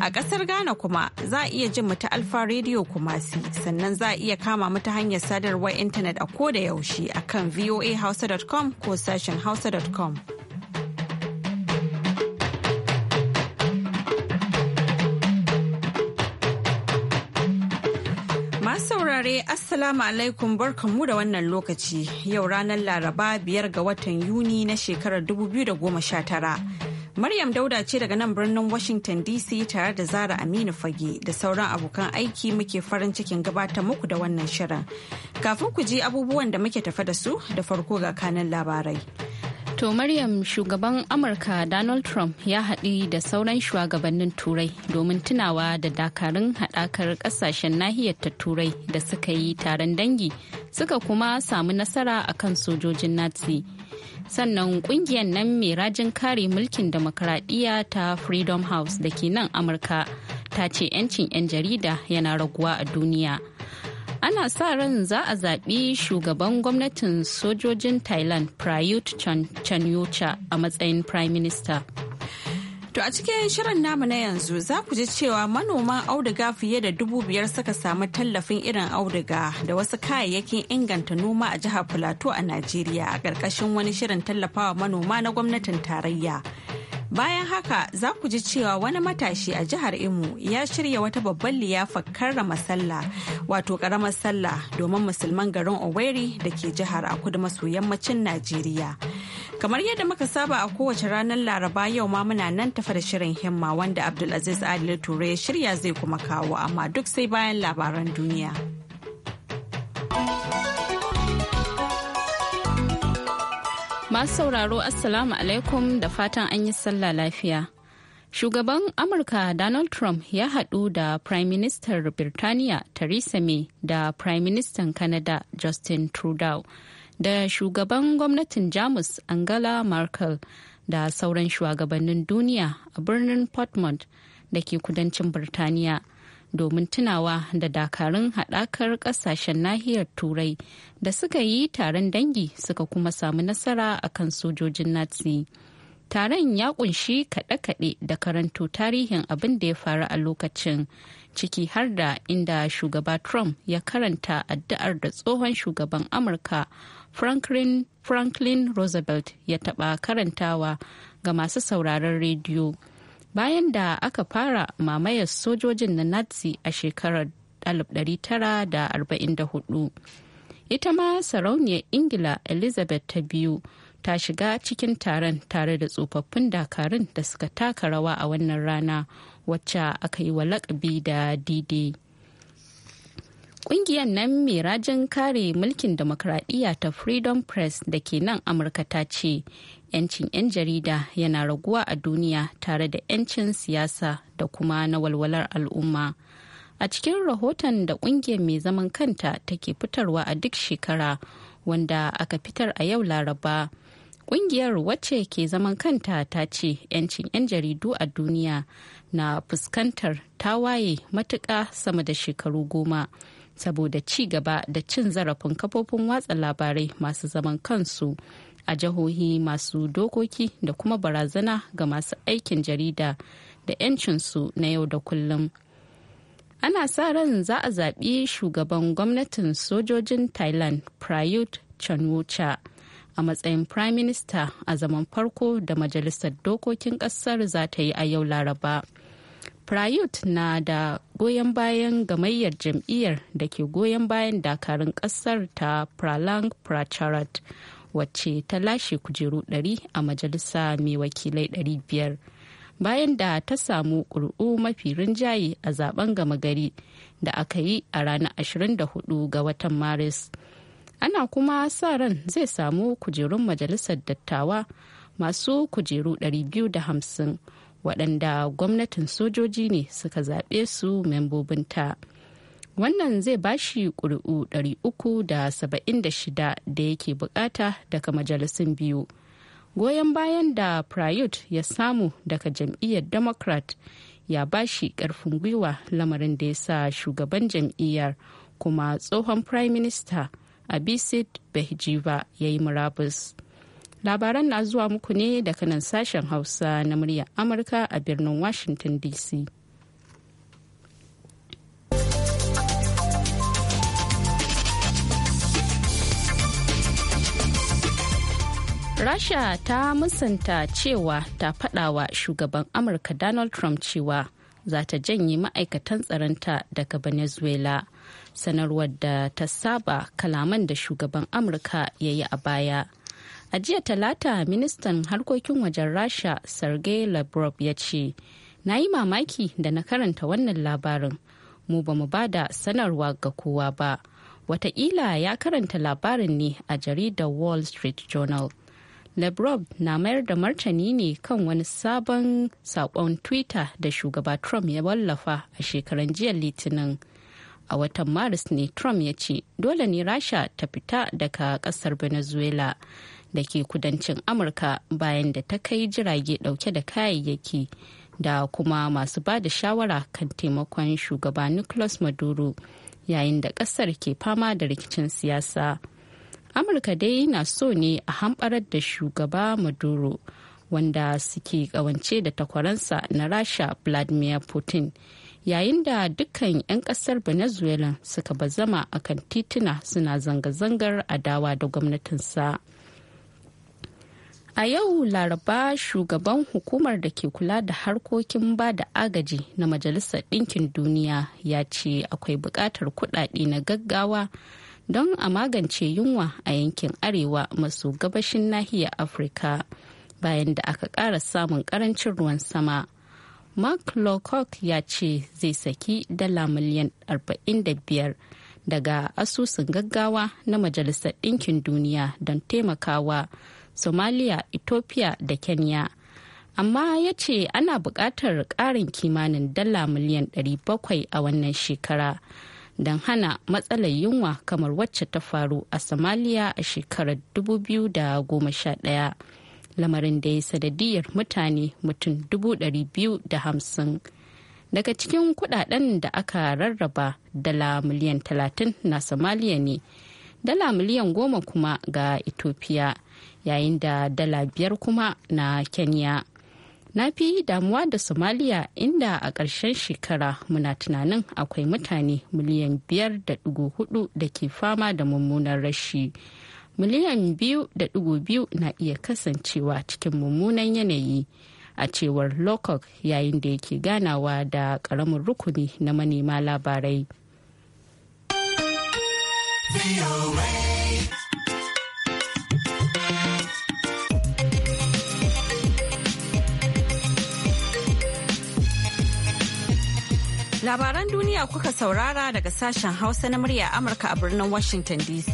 A ƙasar Ghana kuma za a iya jin mu Alfa Radio Kumasi sannan za a iya kama mata hanyar sadarwar intanet a ko da yaushe a kan voahausa.com ko sashen hausa.com. Masu saurare Assalamu alaikum barkanmu da wannan lokaci yau ranar Laraba biyar ga watan Yuni na shekarar 2019. Maryam Dauda ce daga nan birnin Washington DC tare da Zara Aminu Fage da sauran abokan aiki muke farin cikin gabatar muku da wannan shirin. Kafin ku ji abubuwan da muke tafe da su da farko ga kanan labarai. To Maryam shugaban Amurka Donald Trump ya haɗi da sauran shugabannin Turai domin tunawa da dakarun haɗakar ƙasashen nahiyar ta Turai da suka yi taron dangi suka kuma samu nasara akan sojojin Nazi. sannan kungiyar nan mai rajin kare mulkin demokradiyya ta freedom house da ke nan amurka ta ce 'yancin 'yan jarida yana raguwa a duniya ana sa ran za a zaɓi shugaban gwamnatin sojojin thailand prayut chan a matsayin prime minister To a cikin shirin namu na yanzu za ku ji cewa manoman auduga fiye da dubu biyar suka samu tallafin irin auduga da wasu kayayyakin inganta noma a jihar Filato a Najeriya a ƙarƙashin wani shirin tallafawa manoma na gwamnatin tarayya. Bayan haka za ku ji cewa wani matashi a jihar Imo ya shirya wata babban liyafa karrama sallah wato karamar sallah domin musulman garin Owerri da ke jihar a kudu maso yammacin Najeriya. Kamar yadda muka saba a kowace ranar Laraba yau ma muna nan tafa da shirin himma wanda Abdulaziz Adil Ture ya shirya zai kuma kawo amma duk sai bayan labaran duniya. Masu sauraro Assalamu alaikum da fatan an yi sallah lafiya. Shugaban Amurka Donald Trump ya haɗu da Prime Minister Birtaniya Theresa May da Prime Minister Canada Justin Trudeau da shugaban gwamnatin Jamus Angela Merkel da sauran shugabannin duniya a birnin Portmont da ke kudancin Birtaniya. domin tunawa da dakarun haɗakar ƙasashen nahiyar turai da suka yi taron dangi suka kuma samu nasara a kan sojojin nazi taron ya kunshi kaɗe-kaɗe da karanto tarihin abin da ya faru a lokacin ciki har da inda shugaba trump ya karanta addu'ar da tsohon shugaban amurka franklin, franklin roosevelt ya taɓa karantawa ga masu sauraron rediyo. bayan da aka fara mamayar sojojin na nazi a shekarar 1944 ita ma sarauniyar ingila elizabeth ta biyu ta shiga cikin taron tare da tsofaffin dakarun da suka taka rawa a wannan rana wacce aka yi wa lakabi da dide Ƙungiyar nan mai rajin kare mulkin demokradiyya ta Freedom Press da ke nan Amurka ta ce 'yancin 'yan jarida yana raguwa a duniya tare da 'yancin siyasa da kuma na walwalar al'umma. A cikin rahoton da ƙungiyar mai zaman kanta take fitarwa a duk shekara wanda aka fitar a yau Laraba. Ƙungiyar wacce ke zaman kanta ta ce 'yancin 'yan jaridu a duniya na fuskantar tawaye matuƙa sama da shekaru goma. saboda ci gaba da cin zarafin kafofin watsa labarai masu zaman kansu a jihohi masu dokoki da kuma barazana ga masu aikin jarida da 'yancinsu na yau da kullum. Ana sa ran za a zaɓi shugaban gwamnatin sojojin Thailand Prayut Chanwucha a matsayin Prime Minister a zaman farko da Majalisar Dokokin ƙasar za ta yi a yau Laraba. Prayut na da goyon bayan gamayyar jam'iyyar da ke goyon bayan dakarun kasar ta Pralang Pracharat wacce ta lashe kujeru 100 a majalisa mai wakilai 500 bayan da ta samu ƙuri'u mafi rinjaye a zaben gama gari da aka yi a ranar 24 ga watan maris ana kuma sa ran zai samu kujerun majalisar dattawa masu kujeru 250 waɗanda gwamnatin sojoji ne suka zaɓe su membobinta. ta wannan zai bashi ƙuri'u 376 da yake bukata daga majalisun biyu goyon bayan da prayut ya samu daga jam'iyyar democrat ya bashi ƙarfin gwiwa lamarin da ya sa shugaban jam'iyyar kuma tsohon prime minister abisid behjiva ya yi murabus labaran na zuwa muku ne daga nan sashen hausa na muryar amurka a birnin washington dc rasha ta musanta cewa ta faɗawa shugaban amurka donald trump cewa za ta janye ma'aikatan tsaronta daga venezuela sanarwar da ta saba kalaman da shugaban amurka ya yi a baya a jiya talata ministan harkokin wajen rasha sergei lavrov ya ce na yi mamaki da na karanta wannan labarin mu ba mu bada sanarwa ga kowa ba watakila ya karanta labarin ne a jaridar wall street journal lavrov na mayar da martani ne kan wani sabon saƙon twitter da shugaba trump ya wallafa a shekaran jiya litinin a watan maris ne trump ya ce dole ne rasha ta fita daga kasar venezuela da ke kudancin amurka bayan da ta kai jirage dauke da kayayyaki da kuma masu ba da shawara kan taimakon shugaba nicolas maduro yayin da kasar ke fama da rikicin siyasa amurka dai na so ne a hamɓarar da shugaba maduro wanda suke kawance da takwaransa na rasha vladimir putin yayin da dukkan 'yan kasar venezuela suka bazama a kan tituna suna zanga-zangar adawa da gwamnatinsa a yau laraba shugaban hukumar da ke kula da harkokin ba da agaji na majalisar ɗinkin duniya ya ce akwai buƙatar kuɗaɗe na gaggawa don a magance yunwa a yankin arewa maso gabashin nahiyar afirka bayan da aka ƙara samun ƙarancin ruwan sama mark lowcock ya ce zai saki dala miliyan 45 daga asusun gaggawa na majalisar ɗinkin duniya don taimakawa somalia ethiopia da kenya amma ya ce ana buƙatar ƙarin kimanin dala miliyan 700 a wannan shekara don hana matsalar yunwa kamar wacce ta faru a somalia a shekarar 2011 lamarin da ya sadadiyar mutane mutum 250 daga cikin kudaden da aka rarraba dala miliyan talatin na somalia ne dala miliyan goma kuma ga ethiopia yayin da dala biyar kuma na kenya na fi damuwa da somalia inda a ƙarshen shekara muna tunanin akwai mutane miliyan biyar da dugu hudu da ke fama da mummunan rashi miliyan biyu da dugu biyu na iya kasancewa cikin mummunan yanayi a cewar lokok yayin da yake ganawa da ƙaramin rukuni na manema labarai. Labaran duniya kuka saurara daga sashen Hausa na murya Amurka a birnin Washington DC.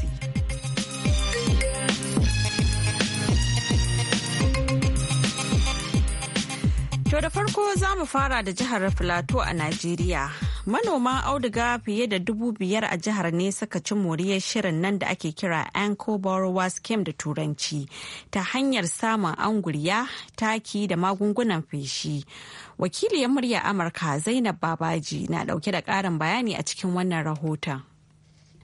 To da farko za mu fara da jihar Filato a Najeriya. Manoma auduga fiye da dubu biyar a jihar ne suka ci moriyar shirin nan da ake kira Anko Borrower Scheme da Turanci ta hanyar samun anguriya, taki da magungunan feshi. Wakiliyar murya Amurka Zainab Babaji na dauke da karin bayani a cikin wannan rahoton.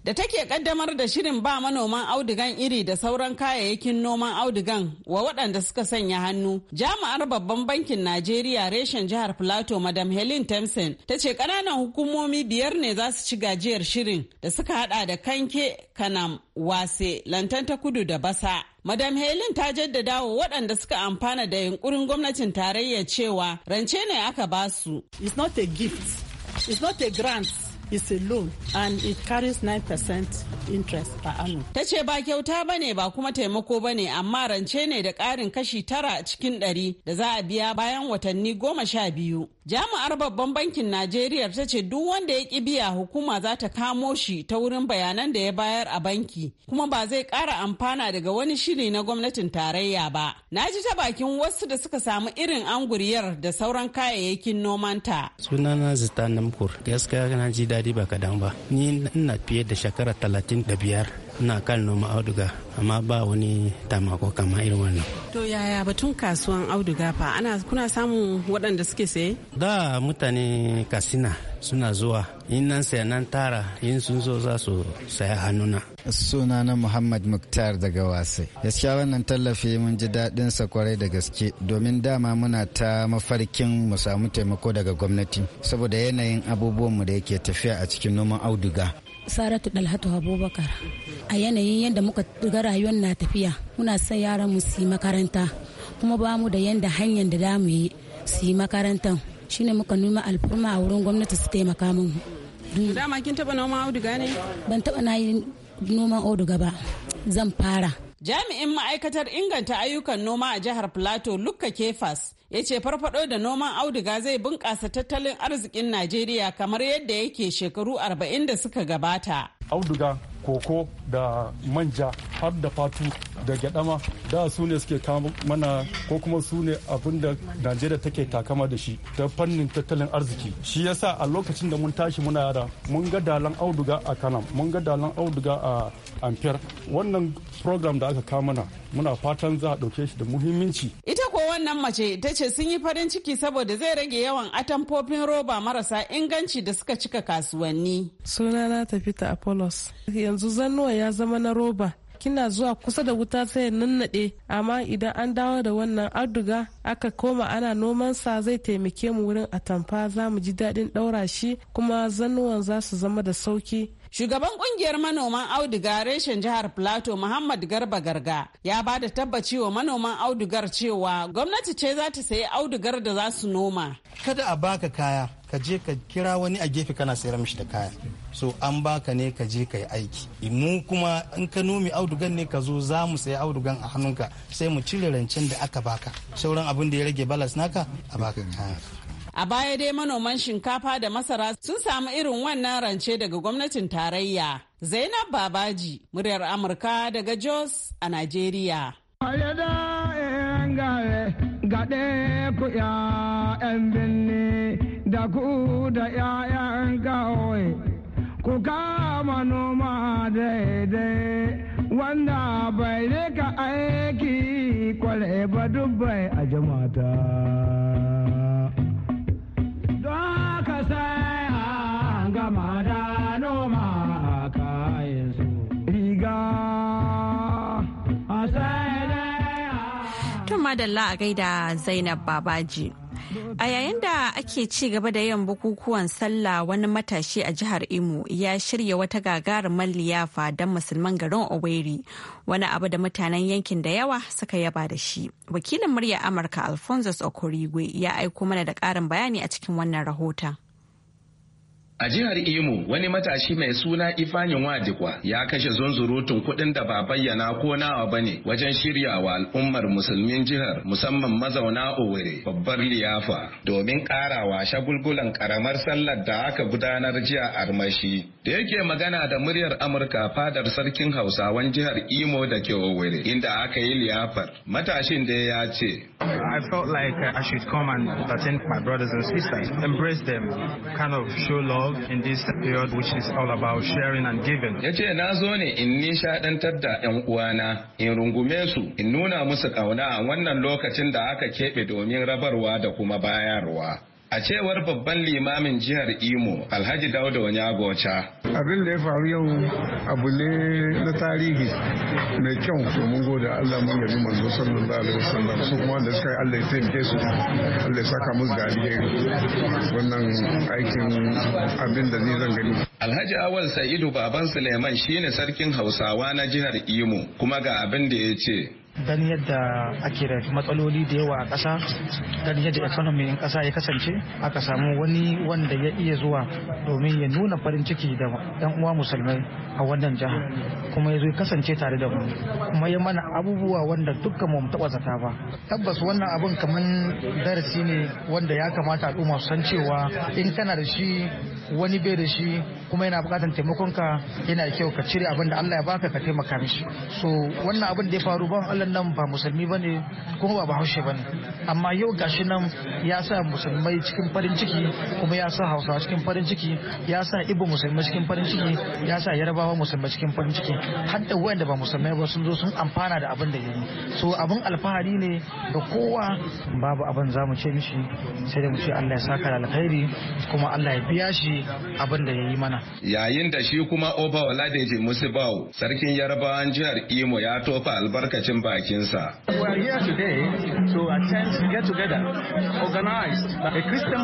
da take kaddamar da shirin ba manoman audigan iri da sauran kayayyakin noman audigan wa waɗanda suka sanya hannu jami'ar babban bankin najeriya reshen jihar plateau madam helen thompson ta ce ƙananan hukumomi biyar ne za su ci gajiyar shirin da suka hada da kanke kanam wase lantan ta kudu da basa Madam Helen ta jaddada wa waɗanda suka amfana da yunkurin gwamnatin tarayya cewa rance ne aka basu. It's not a gift, it's not a grant, is a loan and it carries 9% interest per annum. Ta ce ba kyauta ba ne ba kuma taimako ba ne amma rance ne da ƙarin kashi tara cikin ɗari da za a biya bayan watanni goma sha biyu. Jami'ar Babban Bankin Najeriya ta ce duk wanda ya ƙi biya hukuma za ta kamo shi ta wurin bayanan da ya bayar a banki kuma ba zai ƙara amfana daga wani shiri na gwamnatin tarayya ba. Na ji ta bakin wasu da suka samu irin anguriyar da sauran kayayyakin nomanta. Sunana Zita Namkur, gaskiya na ji daɗi ba kadan ba. Ni ina fiye da shekara talatin da biyar ina kan noma auduga amma ba wani tamako kama irin wannan to yaya batun kasuwan auduga fa ana kuna samun waɗanda suke saye da mutane kasina suna zuwa in nan saya nan tara in sun zo za su saya hannuna suna na muhammad muktar daga wasai gaskiya wannan tallafi mun ji daɗin sa kwarai da gaske domin dama muna ta mafarkin mu samu taimako daga gwamnati saboda yanayin abubuwan mu da yake tafiya a cikin noman auduga saratu dalhatu abubakar a yanayin yadda muka ga rayuwar na tafiya muna son yaran mu su yi makaranta kuma ba mu da yadda hanyar da damu yi su yi makarantan shine muka nuna alfurma a wurin gwamnati su taimaka min dama kin taba noman auduga ne ban taba na yi noman auduga ba zan fara Jami'in ma'aikatar inganta ayyukan noma a jihar Plateau Lukka Kefas ya ce farfado da noman auduga zai bunƙasa tattalin arzikin Najeriya kamar yadda yake shekaru 40 da suka gabata. Auduga koko da manja har da fatu da gyadama da su ne suke kama mana ko kuma su ne abin da najeriya take takama da shi ta fannin tattalin arziki shi yasa a lokacin da mun tashi muna yara mun ga dalan auduga a kanam mun ga dalan auduga a amfiyar wannan program da aka kama mana muna fatan za a ɗauke shi da muhimmanci ita wannan mace ta ce sun yi farin ciki saboda zai rage yawan atamfofin roba marasa inganci da suka cika kasuwanni. suna na tafi ta Apollos. Yanzu zannuwa ya zama na roba. kina zuwa kusa da wuta sai nannaɗe amma idan an dawo da wannan auduga aka koma ana noman sa zai taimake mu wurin atamfa za mu ji daɗin ɗaura shi kuma zannuwan za su zama da sauki Shugaban kungiyar manoman auduga reshen jihar Plateau Muhammad Garba Garga ya ba da tabbaci wa manoman audugar cewa gwamnati ce za ta sayi audugar da za su noma. Kada a baka kaya, ka je ka kira wani a gefe kana sayar mishi da kaya. So an baka ne ka je ka yi aiki. Mu kuma in ka nomi audugan ne ka zo za mu sayi audugan a hannunka sai mu cire rancen da aka baka. Sauran abin da ya rage balas naka a baka kaya. A baya dai manoman shinkafa da masara sun samu irin wannan rance daga gwamnatin tarayya. Zainab Babaji, muryar Amurka daga Jos a Najeriya. Eh, Gaɗe ku ‘ya'yan binni da ku da ‘ya'yan kawai, ku kama noma daidai. wanda bai rika aiki kwale ba dubbai a jamata. sai gama da noma a zainab babaji A yayin da ake ci gaba da yin bukukuwan sallah wani matashi a jihar Imo ya shirya wata gagarumar liyafa don musulman garin Oweri wani abu da mutanen yankin da yawa suka yaba da shi. Wakilin murya Amurka Alphonsus Okorigwe ya aiko mana da ƙarin bayani a cikin wannan rahoton. A jihar Imo wani matashi mai suna Ifanin Wadikwa ya kashe zunzurutun kuɗin da ba bayyana ko nawa bane wajen shiryawa al'ummar musulmin jihar musamman mazauna Owerri babbar liyafa domin karawa shagulgulan karamar sallar da aka gudanar jiya armashi. Da yake magana da muryar Amurka fadar sarkin Hausawan jihar Imo da ke Owerri inda aka yi liyafar matashin da ya ce I felt like uh, I should come and attend my brothers and sisters, embrace them, kind of show love in this period which is all about sharing and giving. Ya ce na zo ne in nishaɗantar da 'yan uwana, in rungume su, in nuna musu ƙauna a wannan lokacin da aka keɓe domin rabarwa da kuma bayarwa. A cewar babban limamin jihar Imo, Alhaji Dauda Wanyagocha. Abin da ya faru yau abu ne na tarihi mai kyau domin gode Allah mun yabi manzo sallallahu alaihi wasallam su kuma da suka yi Allah ya taimake su Allah ya saka musu dariya wannan aikin abin da ni zan gani. Alhaji Awal Sa'idu Baban Suleiman shine sarkin Hausawa na jihar Imo kuma ga abin da ya ce. Dan yadda ake da matsaloli da yawa a ƙasa dan yadda economy in ƙasa ya kasance aka samu wani wanda ya iya zuwa domin ya nuna farin ciki da yan uwa musulmai a wannan jiha kuma ya zo kasance tare da mu kuma ya mana abubuwa wanda dukkan mu taɓa zata ba tabbas wannan abin kamar darasi ne wanda ya kamata al'umma su san cewa in kana da shi wani bai da shi kuma yana bukatar taimakonka yana da kyau ka cire abin da Allah ya baka ka taimaka mishi so wannan abin da ya faru ban Allah mutum nan ba musulmi ba ne kuma ba bahaushe ba ne amma yau gashi nan ya sa musulmai cikin farin ciki kuma ya sa hausawa cikin farin ciki ya sa ibo musulmai cikin farin ciki ya sa yarabawa musulmai cikin farin ciki har da wanda ba musulmai ba sun zo sun amfana da abin da ya yi so abin alfahari ne ga kowa babu abin za mu ce mishi sai da mu ce Allah ya saka da alkhairi kuma Allah ya biya shi abin da ya yi mana yayin da shi kuma Oba Oladeji Musibau sarkin Yarabawan jihar Imo ya tofa albarkacin ba bakinsa.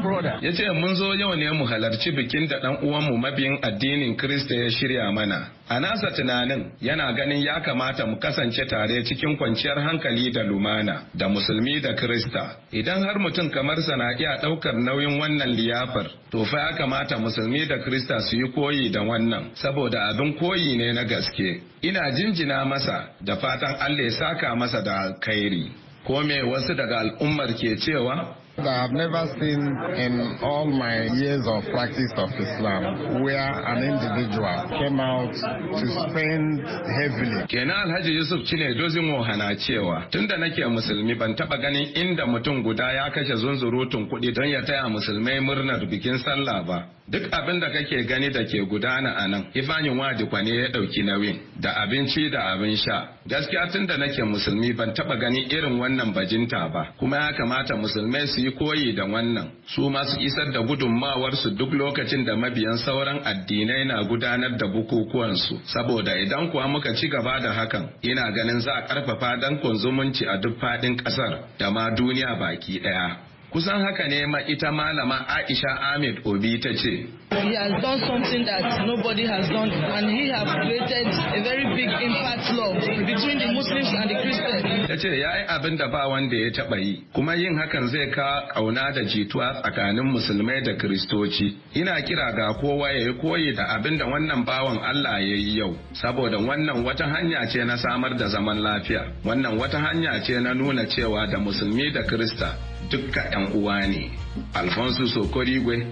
brother. Ya ce mun zo yau ne mu halarci bikin da ɗan uwanmu mabiyin addinin Kirista ya shirya mana. A nasa tunanin yana ganin ya kamata mu kasance tare cikin kwanciyar hankali da lumana da musulmi da Krista. Idan har mutum kamar na iya ɗaukar nauyin wannan liyafar, to fa ya kamata musulmi da Krista su yi koyi da wannan, saboda abin koyi ne na gaske. Ina jinjina masa da fatan Allah ya saka masa da alkhairi Ko me wasu daga al'ummar ke cewa? I have never seen in all my years of practice of Islam where an individual came out to spend heavily. Kenan Alhaji Yusuf Cine Dozinwo hana cewa tunda nake musulmi ban taba ganin inda mutum guda ya kashe zunzurutun kuɗi don ya taya musulmai murnar bikin sallah ba. Duk abin da kake gani da ke gudana a nan, Ifanin Wadikwa ne ya ɗauki nauyin da abinci da abin sha. Gaskiya tunda nake musulmi ban taba gani irin wannan bajinta ba, kuma ya kamata musulmai su yi koyi da wannan su masu isar da gudunmawarsu duk lokacin da mabiyan sauran addinai na gudanar da bukukuwansu saboda idan kuwa muka ci gaba da hakan ina ganin za a karfafa dankon zumunci a duk faɗin ƙasar da ma duniya baki ɗaya kusan haka ne ma ita malama aisha ahmed obi ta ce he has done something that nobody has done and he has created a very big impact law between the muslims and the christians ya ce ya yi abin da ba wanda ya taɓa yi kuma yin hakan zai ka ƙauna da jituwa tsakanin musulmai da kiristoci ina kira ga kowa ya yi koyi da abin da wannan bawan allah ya yi yau saboda wannan wata hanya ce na samar da zaman lafiya wannan wata hanya ce na nuna cewa da musulmi da kirista dukka 'yan uwa ne alfonso sokorigwe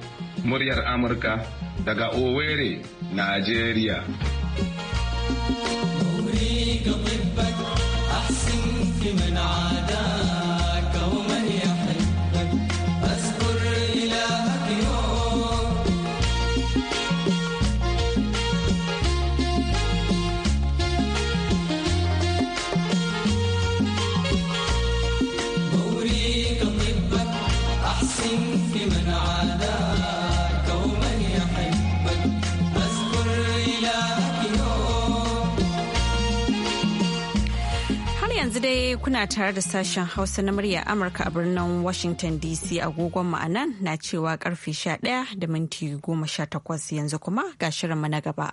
muryar amurka daga owerri nigeria yanzu dai kuna tare da sashen Hausa na murya Amurka a birnin Washington DC agogon ma'anan na cewa karfe 11 da minti 18 yanzu kuma ga shirinmu na gaba.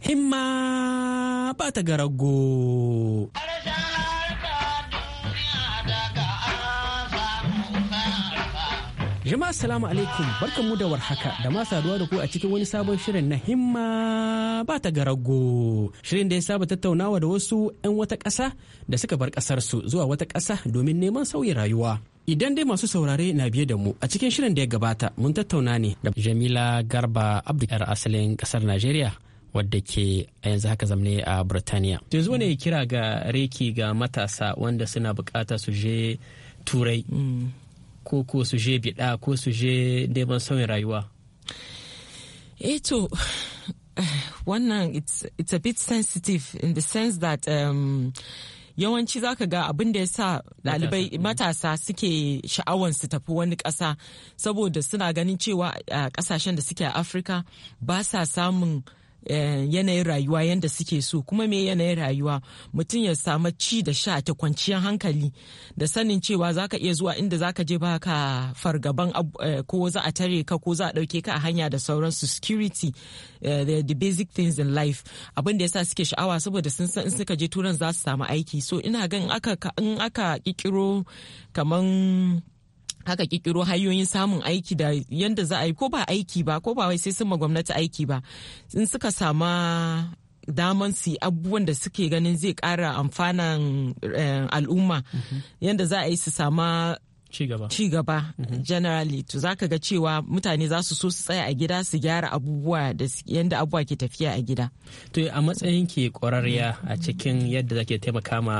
Himma ba ta garago. Jama'a salamu alaikum mu da warhaka da ma saduwa da ku a cikin wani sabon shirin na himma ba ta garago. Shirin da ya saba tattaunawa da wasu 'yan wata ƙasa da suka bar ƙasarsu zuwa wata ƙasa domin neman sauyin rayuwa. Idan dai masu saurare na biye da mu a cikin shirin da ya gabata mun tattauna ne da Jamila Garba Abdu 'yar asalin ƙasar Najeriya. wadda ke a yanzu haka zamne a Burtaniya. Yanzu wani kira ga reki ga matasa wanda suna bukata su je turai mm. ko ko su je biɗa ko su je neman sauyin rayuwa eto eh, wannan it's, a bit sensitive in the sense that um, yawanci za ka ga abin da ya sa ɗalibai matasa suke sha'awar su tafi wani ƙasa saboda suna ganin cewa a ƙasashen da suke a afirka ba sa samun Eh, yanayin rayuwa yadda suke so kuma me yanayin rayuwa mutum ya samu ci da sha ta kwanciyar hankali da sanin cewa za ka iya zuwa inda za ka je baka fargaban eh, ko za a tare ka ko za a dauke ka a hanya da sauran su security eh, the basic things in life abin da yasa suke sha'awa saboda sun san in suka je turan za su samu aiki so ina gan in aka kikiro kaman haka kikiro hanyoyin samun aiki da yadda za a yi ko ba aiki ba ko ba wai sai sun ma gwamnati aiki ba in suka sama daman su abubuwan da suke ganin zai kara amfanan eh, al'umma mhm. yadda za a yi su sama ci gaba mhm. generally to za ka ga cewa mutane za su so su tsaya a gida su gyara abubuwa da yadda abubuwa ke tafiya a gida to a matsayin ke kwararriya a cikin yadda zake taimaka ma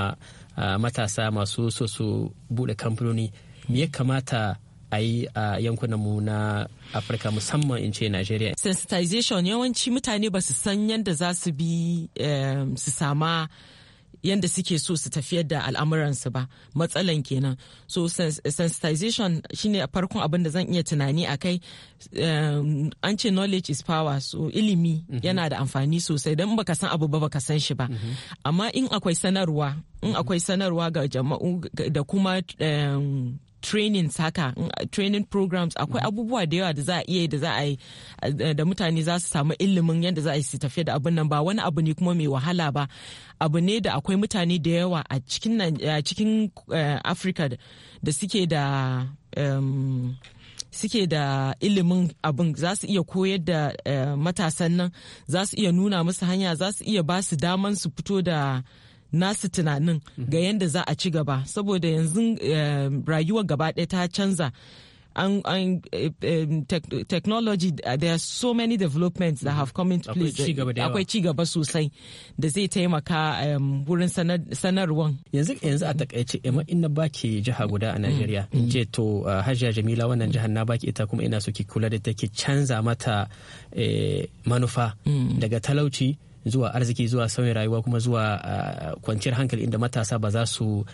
ah, matasa masu so su bude kamfanoni me ya kamata a yi a yankunanmu na afirka musamman in ce nigeria sensitization yawanci mutane ba su san yadda za su bi eh, su sama yadda suke so su tafiyar da al'amuransu ba matsalan kenan so sensitization shine farkon abin da zan iya tunani a kai eh, an ce knowledge is power so ilimi mhm. yana da amfani sosai don baka san abu ba baka san shi ba mhm. amma in akwai sanarwa in mhm. akwai sanarwa ga jama'u da kuma eh, training haka mm, training programs akwai mhm. abubuwa da yawa da za a iya da za a yi eh, da mutane za su samu ilimin yadda za a yi su tafiya da abin nan ba wani abu ne kuma mai wahala ba abu ne da akwai mutane da yawa a cikin cikin eh, Africa da suke da suke da ilimin abin za su iya koyar da eh, matasan nan za su iya nuna musu hanya za su iya ba su daman su fito da nasu tunanin ga mhm. yadda za a ci gaba saboda yanzu eh, rayuwar gaba ɗaya ta canza an an eh, technology there are so many developments that mhm. have come into place akwai ci gaba sosai da zai taimaka wurin sanarwar. yanzu yanzu a takaice amma in na baki jiha guda a mm. Najeriya mm. in ce to uh, Hajiya Jamila wannan jihar na baki ita kuma ina so ki kula da take canza mata eh, manufa mm. daga talauci zuwa arziki zuwa sauyin rayuwa kuma zuwa ah, kwanciyar hankali inda matasa ba za su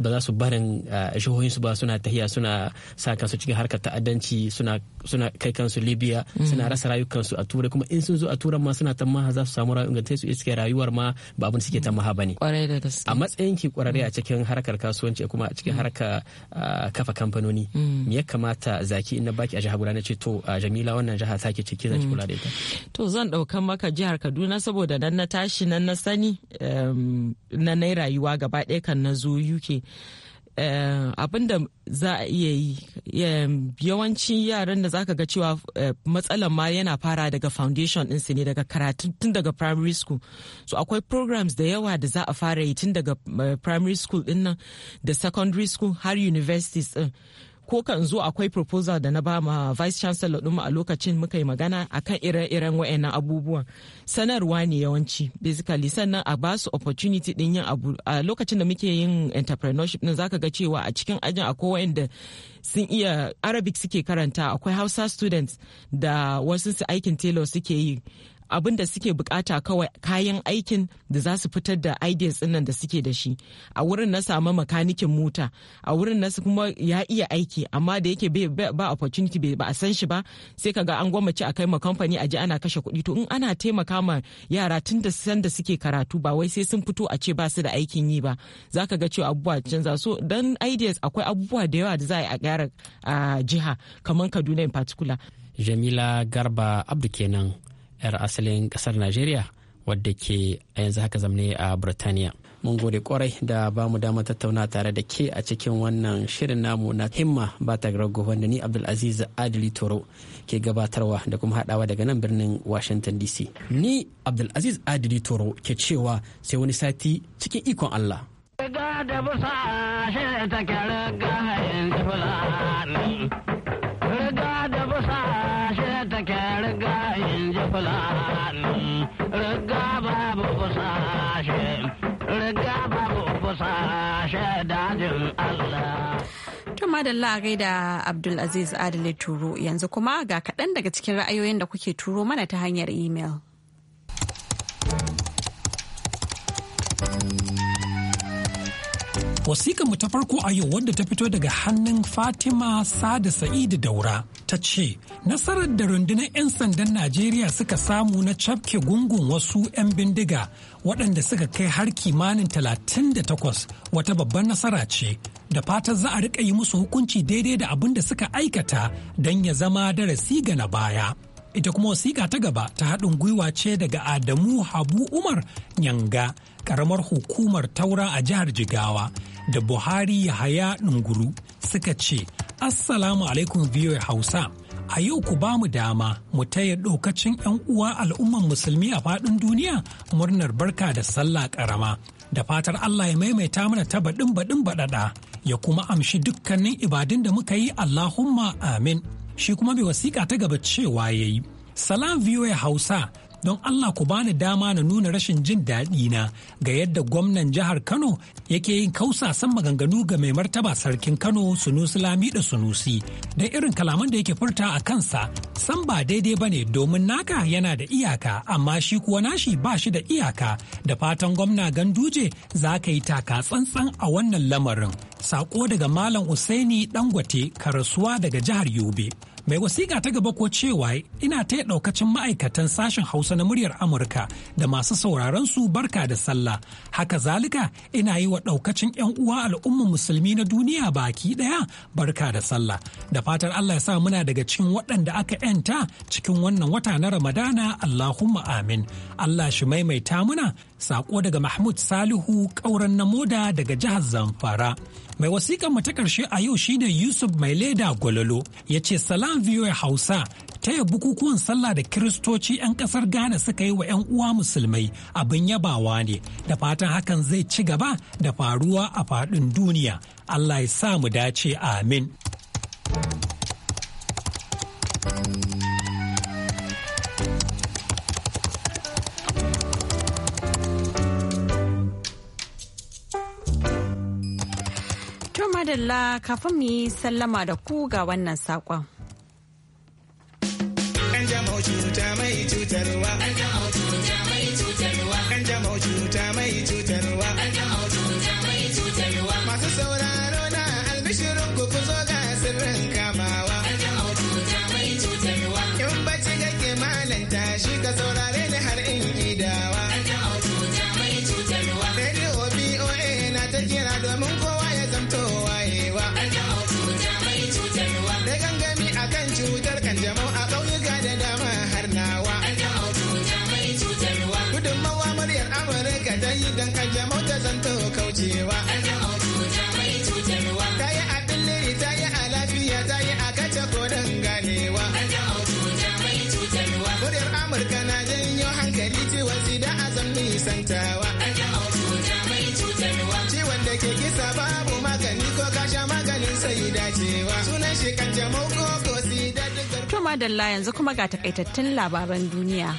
ba za su barin jihohin su ba suna tahiya suna sa kansu cikin harkar ta'addanci suna suna kai kansu Libya suna rasa rayukansu a Turai kuma in sun zo a turan ma suna tamma za su samu rayuwar su iske rayuwar ma ba abin suke tamma ba ne a matsayin ki kwararre a cikin harkar kasuwanci kuma a cikin mm. harkar kafa kamfanoni mm. me ya kamata zaki in na baki a jihar guda na ce to Jamila wannan jihar take ce ki zaki mm. kula da ita to zan dauka maka jihar Kaduna saboda nan na tashi nan na sani na na rayuwa gaba ɗaya kan na zo UK Eh, abin da za a iya yi yawancin yaran da za ka ga cewa eh, matsalar ma yana fara daga foundation ɗinsu ne daga karatu tun daga primary school so akwai programs da yawa da za a fara yi tun daga eh, primary school ɗin nan da secondary school har universities ɗin ko kan zo akwai proposal da na ba ma vice chancellor ɗinmu a lokacin muka yi magana akan ire-iren wayannan abubuwan sanarwa ne yawanci basically sannan a ba su opportunity din yin abu a lokacin da muke yin entrepreneurship din zaka ga cewa a cikin ajin akwai wanda sun iya arabic suke karanta akwai hausa students da wasu su aikin tailor suke yi abin da suke bukata kawai kayan aikin da za su fitar da ideas nan da suke da shi a wurin na samu makanikin mota a wurin na kuma ya iya aiki amma da yake ba opportunity ba a san shi ba sai kaga an gwamnati a kai ma kamfani a ji ana kashe kuɗi to in ana taimaka ma yara tun da san da suke karatu ba wai sai sun fito a ce ba su da aikin yi ba za ka ga cewa abubuwa canza so dan ideas akwai abubuwa da yawa da za a yi a gyara a jiha kamar kaduna in particular jamila garba abdu kenan 'yar asalin kasar najeriya wadda ke a yanzu haka zamne a burtaniya mun gode kwarai da ba mu dama tattauna tare da ke a cikin wannan shirin namu na himma ba ta rago wanda ni abdulaziz adili toro ke gabatarwa da kuma haɗawa daga nan birnin washington dc ni abdulaziz adili toro ke cewa sai wani sati cikin ikon allah Riga da busa shi ta kyara gahayin fulani. fulani riga babu fusashe riga Abdulaziz Adile Turo yanzu kuma ga kaɗan daga cikin ra'ayoyin da kuke turo mana ta hanyar imel. Wasiƙa mu ta farko a yau wadda ta fito daga hannun Fatima Sada Sa'idu Daura ta ce nasarar da rundunar 'yan sandan najeriya suka samu na cafke gungun wasu 'yan bindiga waɗanda suka kai har kimanin 38 wata babbar nasara ce da fatan za a riƙa yi musu hukunci daidai da abin da suka aikata don ya zama darasi ga na baya ita kuma wasiƙa ta gaba ta haɗin gwiwa ce daga adamu habu umar nyanga ƙaramar hukumar taura a jihar jigawa da buhari yahaya ɗunguru suka ce Assalamu alaikum biyoyi Hausa. A yau ku ba mu dama mu taya ɗokacin 'yan uwa al'umman musulmi a faɗin duniya murnar barka da sallah ƙarama. Da fatar Allah ya maimaita mana ta baɗin baɗin baɗaɗa ya kuma amshi dukkanin ibadun da muka yi Allahumma amin. Shi kuma mai wasiƙa ta gaba cewa ya yi. Salam VOA Hausa don Allah ku bani dama na nuna rashin jin daɗi na ga yadda gwamnan jihar Kano yake yin kausasan maganganu ga mai martaba sarkin Kano Sunusi Lami da Sunusi da irin kalaman da yake furta a kansa san ba daidai ba ne domin naka yana da iyaka amma shi kuwa nashi ba shi da iyaka da fatan gwamna Ganduje za ka yi taka tsantsan a wannan lamarin. Sako daga Malam Usaini Dangote Karasuwa daga jihar Yobe. mai wasiƙa ta gaba ko cewa ina ta ɗaukacin ma'aikatan sashen hausa na muryar amurka da masu sauraron su barka da sallah haka zalika ina yi wa ɗaukacin 'yan uwa al'umma musulmi na duniya baki ɗaya barka da sallah da fatar allah ya sa muna daga cikin waɗanda aka 'yanta cikin wannan wata na ramadana allahumma amin allah shi maimaita muna sako daga mahmud salihu ƙauren na moda daga jihar zamfara mai wasiƙan mu ta ƙarshe a yau shine yusuf mai leda gwalolo ya ce salam ran VOA Hausa ta yi bukukuwan sallah da kiristoci 'yan kasar Ghana suka yi wa 'yan uwa musulmai abin yabawa ne da fatan hakan zai ci gaba da faruwa a faɗin duniya. Allah ya sa mu dace amin. madalla kafin mu yi sallama da ku ga wannan saƙon. cuta mai cutarwa. Tuma yanzu kuma ga takaitattun labaran duniya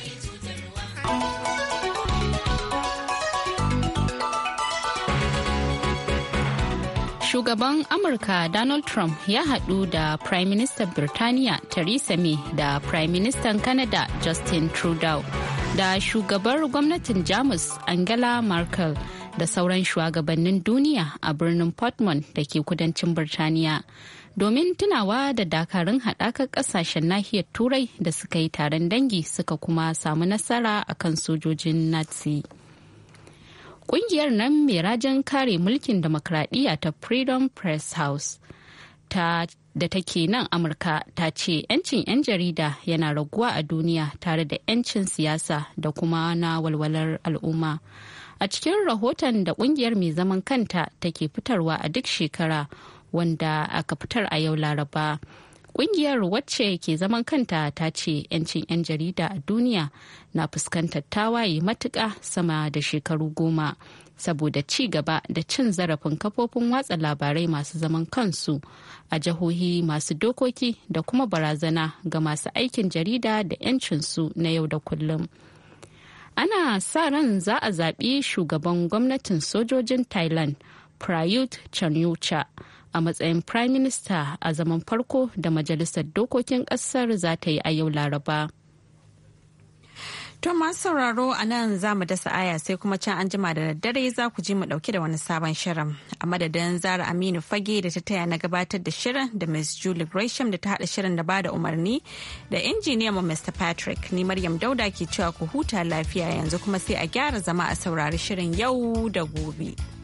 Shugaban Amurka Donald Trump ya haɗu da Prime Minister Birtaniya Theresa May da Prime Minister Canada Justin Trudeau da shugabar gwamnatin Jamus Angela Merkel. da sauran shugabannin duniya a birnin portman da ke kudancin birtaniya domin tunawa da dakarun haɗakar ƙasashen nahiyar turai da suka yi taron dangi suka kuma samu nasara a kan sojojin nazi ƙungiyar nan mai rajin kare mulkin demokradiyya ta freedom press house ta da take nan amurka ta ce 'yancin 'yan jarida yana raguwa a duniya tare da 'yancin siyasa da kuma na walwalar al'umma a cikin rahoton da kungiyar mai zaman kanta take fitarwa a duk shekara wanda aka fitar a yau laraba kungiyar wacce ke zaman kanta ta ce 'yancin 'yan jarida a duniya na fuskantar tawaye matuƙa sama da shekaru goma saboda ci gaba da cin zarafin kafofin watsa labarai masu zaman kansu a jahohi masu dokoki da kuma barazana ga masu aikin jarida da 'yancinsu na yau da kullum. ana sa ran za a zaɓi shugaban gwamnatin sojojin thailand prayut chanucha a matsayin prime minister a zaman farko da majalisar dokokin ƙasar za ta yi a yau laraba To masu sauraro a nan za mu dasa aya sai kuma can an jima da daddare za ku ji mu dauke da wani sabon shirin. A madadin Zara Aminu Fage da ta taya na gabatar da shirin da Ms. Julie Gresham da ta haɗa shirin da bada umarni da injiniyan mu Mr. Patrick ni Maryam Dauda ke cewa ku huta lafiya yanzu kuma sai a gyara zama a saurari shirin yau da gobe.